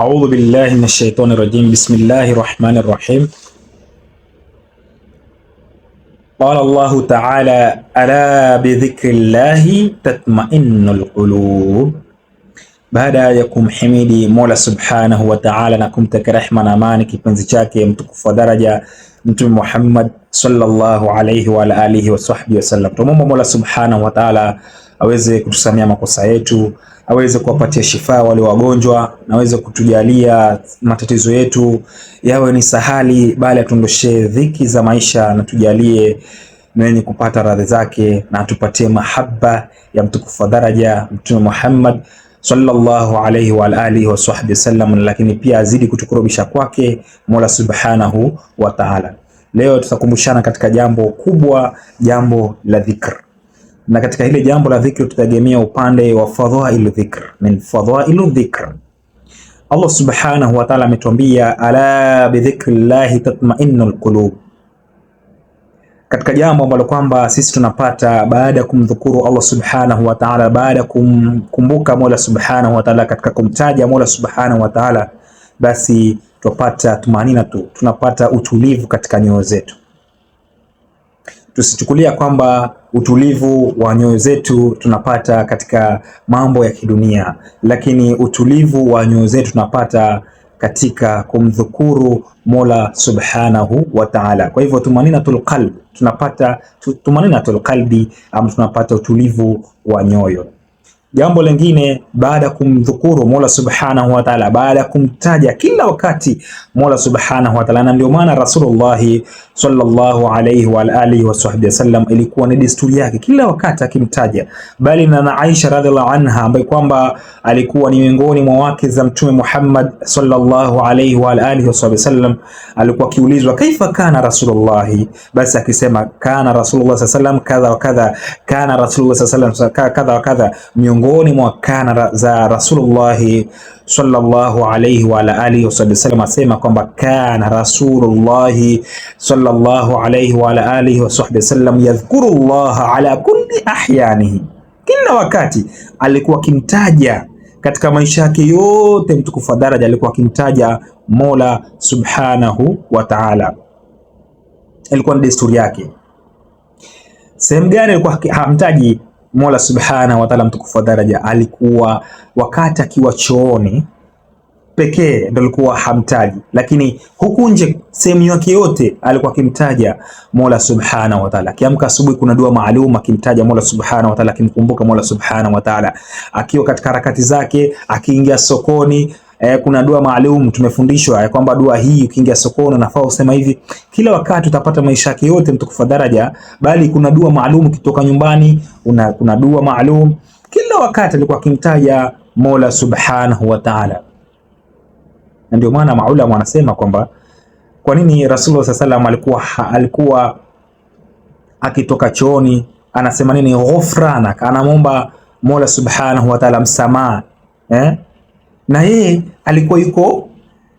أعوذ بالله من الشيطان الرجيم بسم الله الرحمن الرحيم قال الله تعالى ألا بذكر الله تطمئن القلوب baada ya kumhimidi Mola Subhanahu wa Ta'ala na kumtaka rehma na amani kipenzi chake mtukufu wa daraja Mtume Muhammad sallallahu alayhi wa alihi wa sahbihi wasallam. Tumomba Mola subhanahu wa taala aweze kutusamia makosa yetu, aweze kuwapatia shifaa wale wagonjwa, na aweze kutujalia matatizo yetu yawe ni sahali, bali atundoshee dhiki za maisha, na tujalie mwenye kupata radhi zake, na atupatie mahaba ya mtukufu daraja Mtume Muhammad sallallahu alayhi wa alihi wa sahbihi sallam, lakini pia azidi kutukurubisha kwake Mola subhanahu wa ta'ala. Leo tutakumbushana katika jambo kubwa, jambo la dhikr, na katika hili jambo la dhikr tutagemea upande wa fadhail dhikr, min fadhail dhikr. Allah subhanahu wa ta'ala ametuambia, ala bi dhikrillahi tatma'innul qulub katika jambo ambalo kwamba sisi tunapata baada ya kumdhukuru Allah subhanahu wa ta'ala, baada ya kumkumbuka Mola subhanahu wa ta'ala, katika kumtaja Mola subhanahu wa ta'ala, basi tunapata tumanina tu, tunapata utulivu katika nyoyo zetu. Tusichukulia kwamba utulivu wa nyoyo zetu tunapata katika mambo ya kidunia, lakini utulivu wa nyoyo zetu tunapata katika kumdhukuru Mola subhanahu wa ta'ala. Kwa hivyo tumaninatul qalb tunapata tumanina tulkalbi ama tunapata utulivu wa nyoyo. Jambo lingine baada ya kumdhukuru Mola Subhanahu wa Ta'ala, baada ya kumtaja kila wakati Mola Subhanahu wa Ta'ala. Na ndio maana Rasulullah sallallahu alayhi wa alihi wasahbihi sahbihi wasallam ilikuwa ni desturi yake kila wakati akimtaja, bali na Aisha radhiallahu anha ambaye kwamba alikuwa ni miongoni mwa wake za Mtume Muhammad sallallahu alayhi wa alihi wasahbihi sahbihi wasallam, alikuwa akiulizwa kaifa kana Rasulullah, basi akisema kana Rasulullah sallallahu alayhi wasallam kadha wa kadha, kana Rasulullah sallallahu alayhi wasallam kadha wa kadha miongoni miongoni mwa kana za Rasulullahi sallallahu alayhi wa alihi wasallam, asema kwamba kana Rasulullahi sallallahu alayhi wa alihi wasallam yadhkuru llaha ala kulli ahyanihi, kila wakati alikuwa akimtaja katika maisha yake yote, mtukufu wa daraja alikuwa akimtaja Mola subhanahu wa ta'ala, ilikuwa ni desturi yake. Sehemu gani alikuwa hamtaji Mola Subhanahu wa Ta'ala mtukufu wa daraja alikuwa wakati akiwa chooni pekee ndo alikuwa hamtaji, lakini huku nje sehemu yake yote alikuwa akimtaja Mola Subhanahu wa Ta'ala. Akiamka asubuhi, kuna dua maalum akimtaja Mola Subhanahu wa Ta'ala, akimkumbuka Mola Subhanahu wa Ta'ala, akiwa katika harakati zake, akiingia sokoni E, kuna dua maalum tumefundishwa ya kwamba dua hii ukiingia sokoni unafaa usema hivi kila wakati, utapata maisha yake yote mtukufu daraja. Bali kuna dua maalum ukitoka nyumbani una, kuna dua maalum. Kila wakati alikuwa akimtaja Mola Subhanahu wa Ta'ala, na ndio maana maulama wanasema kwamba kwa nini Rasulullah sallallahu alaihi wasallam alikuwa akitoka chooni anasema nini? Ghufranak, anamwomba Mola Subhanahu wa Ta'ala msamaha eh? na yeye alikuwa yuko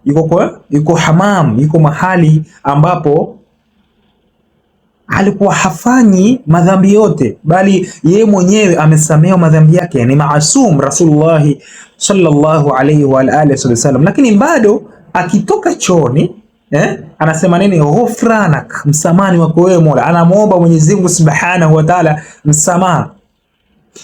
yuko, yuko hamam yuko mahali ambapo alikuwa hafanyi madhambi yote, bali yeye mwenyewe amesamehewa madhambi yake, ni maasum Rasulullahi sallallahu alaihi wa alihi wasallam. Lakini bado akitoka choni eh, anasema nini? Ghufranak, msamani wako wewe Mola, anamwomba Mwenyezi Mungu subhanahu wa taala msamaha.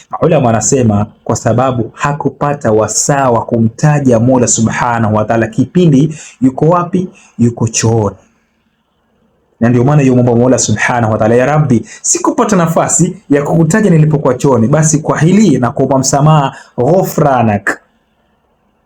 Maulama anasema kwa sababu hakupata wasaa wa kumtaja Mola subhanahu wa taala kipindi yuko wapi? Yuko chooni na ndio maana yomwomba Mola subhanahu wa taala, ya Rabbi, sikupata nafasi ya kukutaja nilipokuwa choni basi kwa hili na kuomba msamaha ghofranak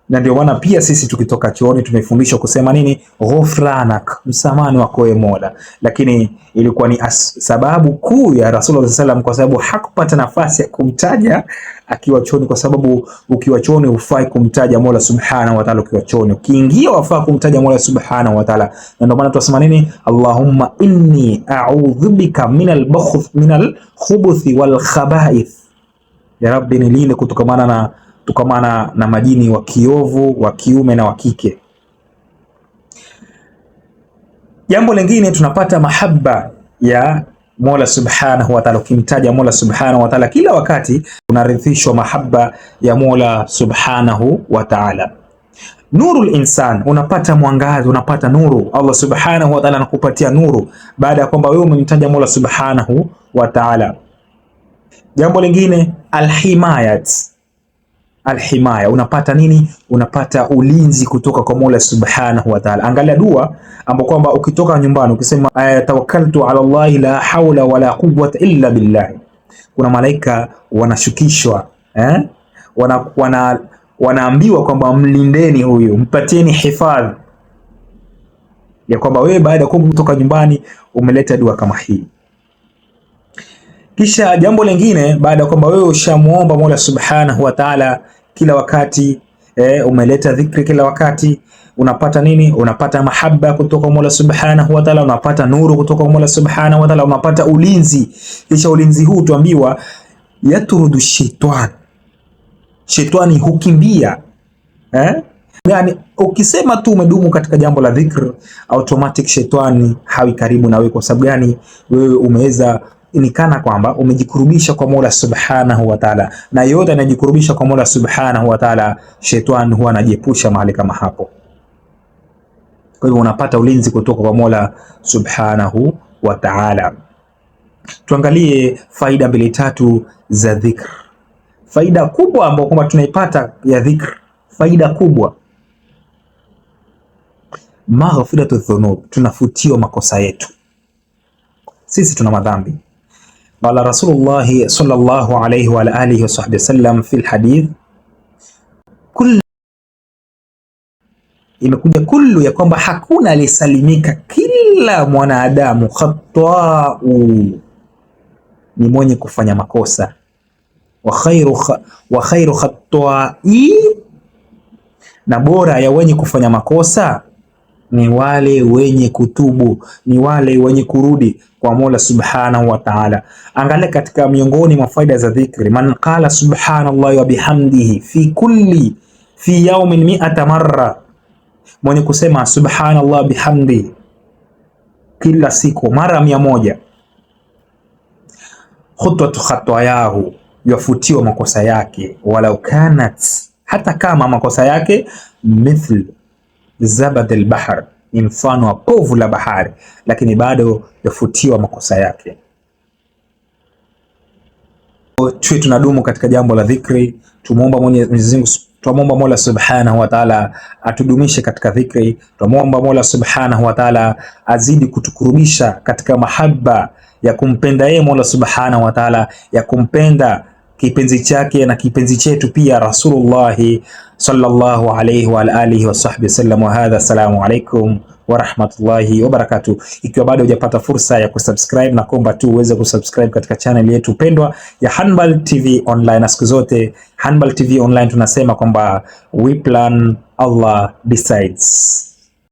na ndio maana pia sisi tukitoka chooni tumefundishwa kusema nini? Ghufranak, msamani wako wewe Mola. Lakini ilikuwa ni sababu kuu ya Rasulullah sallam, kwa sababu hakupata nafasi ya kumtaja akiwa chooni, kwa sababu ukiwa chooni hufai kumtaja Mola subhanahu wa ta'ala. Ukiwa chooni, ukiingia wafaa kumtaja Mola subhanahu wa ta'ala, na ndio maana tunasema nini? Allahumma inni a'udhu bika minal bukhth minal khubuthi wal khaba'ith, ya Rabbi, nilinde kutokana na kutokana na, na majini wa kiovu wa kiume na wa kike. Jambo lingine tunapata mahaba ya Mola Subhanahu wa Ta'ala. Ukimtaja Mola Subhanahu wa Ta'ala kila wakati unarithishwa mahaba ya Mola Subhanahu wa Ta'ala. Nuru linsan, unapata mwangazi, unapata nuru. Allah Subhanahu wa Ta'ala anakupatia nuru baada ya kwamba wewe umemtaja Mola Subhanahu wa Ta'ala. Jambo lingine alhimayat alhimaya, unapata nini? Unapata ulinzi kutoka kwa Mola subhanahu wa Ta'ala. Angalia dua ambapo kwamba ukitoka nyumbani ukisema tawakkaltu ala Allahi la hawla wala quwwata illa billah, kuna malaika wanashukishwa eh? wana, wana, wanaambiwa kwamba mlindeni huyu, mpatieni hifadhi ya kwamba wewe baada ya kutoka nyumbani umeleta dua kama hii. Kisha jambo lingine, baada ya kwamba wewe ushamuomba Mola subhanahu wa Ta'ala kila wakati eh, umeleta dhikri kila wakati, unapata nini? Unapata mahaba kutoka Mola Subhanahu wa Ta'ala, unapata nuru kutoka Mola Subhanahu wa Ta'ala, unapata ulinzi. Kisha ulinzi huu tuambiwa yatrudu shetani, shetani hukimbia eh? Yani, ukisema tu umedumu katika jambo la dhikr, automatic shetani hawi karibu na wewe. Kwa sababu gani? Wewe umeweza ni kana kwamba umejikurubisha kwa Mola Subhanahu wa Ta'ala, na yote anajikurubisha kwa Mola Subhanahu wa Ta'ala, shetani huwa anajiepusha mahali kama hapo. Kwa hivyo unapata ulinzi kutoka kwa Mola Subhanahu wa Ta'ala. Tuangalie faida mbili tatu za dhikr. Faida kubwa ambayo kwamba tunaipata ya dhikr, faida kubwa maghfiratu dhunub, tunafutiwa makosa yetu. Sisi tuna madhambi Qala Rasulullahi sallallahu alayhi wa alihi wa sahbihi wasallam fi alhadith kullu, imekuja kullu ya kwamba hakuna aliyesalimika, kila mwanadamu khatau, ni mwenye kufanya makosa wa khairu, wa khairu khatai, na bora ya wenye kufanya makosa ni wale wenye kutubu, ni wale wenye kurudi kwa Mola Subhanahu wa Ta'ala. Angalia katika miongoni mwa faida za dhikri, man qala subhanallahi wa bihamdihi fi kulli fi yawmin mi'ata marra, mwenye kusema subhanallah bihamdi kila siku mara mia moja, khutwatu khatayahu, yafutiwa makosa yake, walau kanat, hata kama makosa yake mithl zabad al ni mfano wa povu la bahari, lakini bado yafutiwa makosa yake. Tuwe tunadumu katika jambo la dhikri, tumuomba Mwenyezi Mungu Twamwomba Mola Subhanahu wa Ta'ala atudumishe katika dhikri. Twamwomba Mola Subhanahu wa Ta'ala azidi kutukurubisha katika mahaba ya kumpenda yeye Mola Subhanahu wa Ta'ala ya kumpenda kipenzi chake na kipenzi chetu pia Rasulullahi sallallahu alayhi wa alihi wa sahbihi Wa hadha, assalamu alaykum wa rahmatullahi wa barakatuh. Ikiwa bado hujapata fursa ya kusubscribe, na kuomba tu uweze kusubscribe katika channel yetu pendwa ya Hanbal TV Online, na siku zote Hanbal TV Online tunasema kwamba we plan, Allah decides.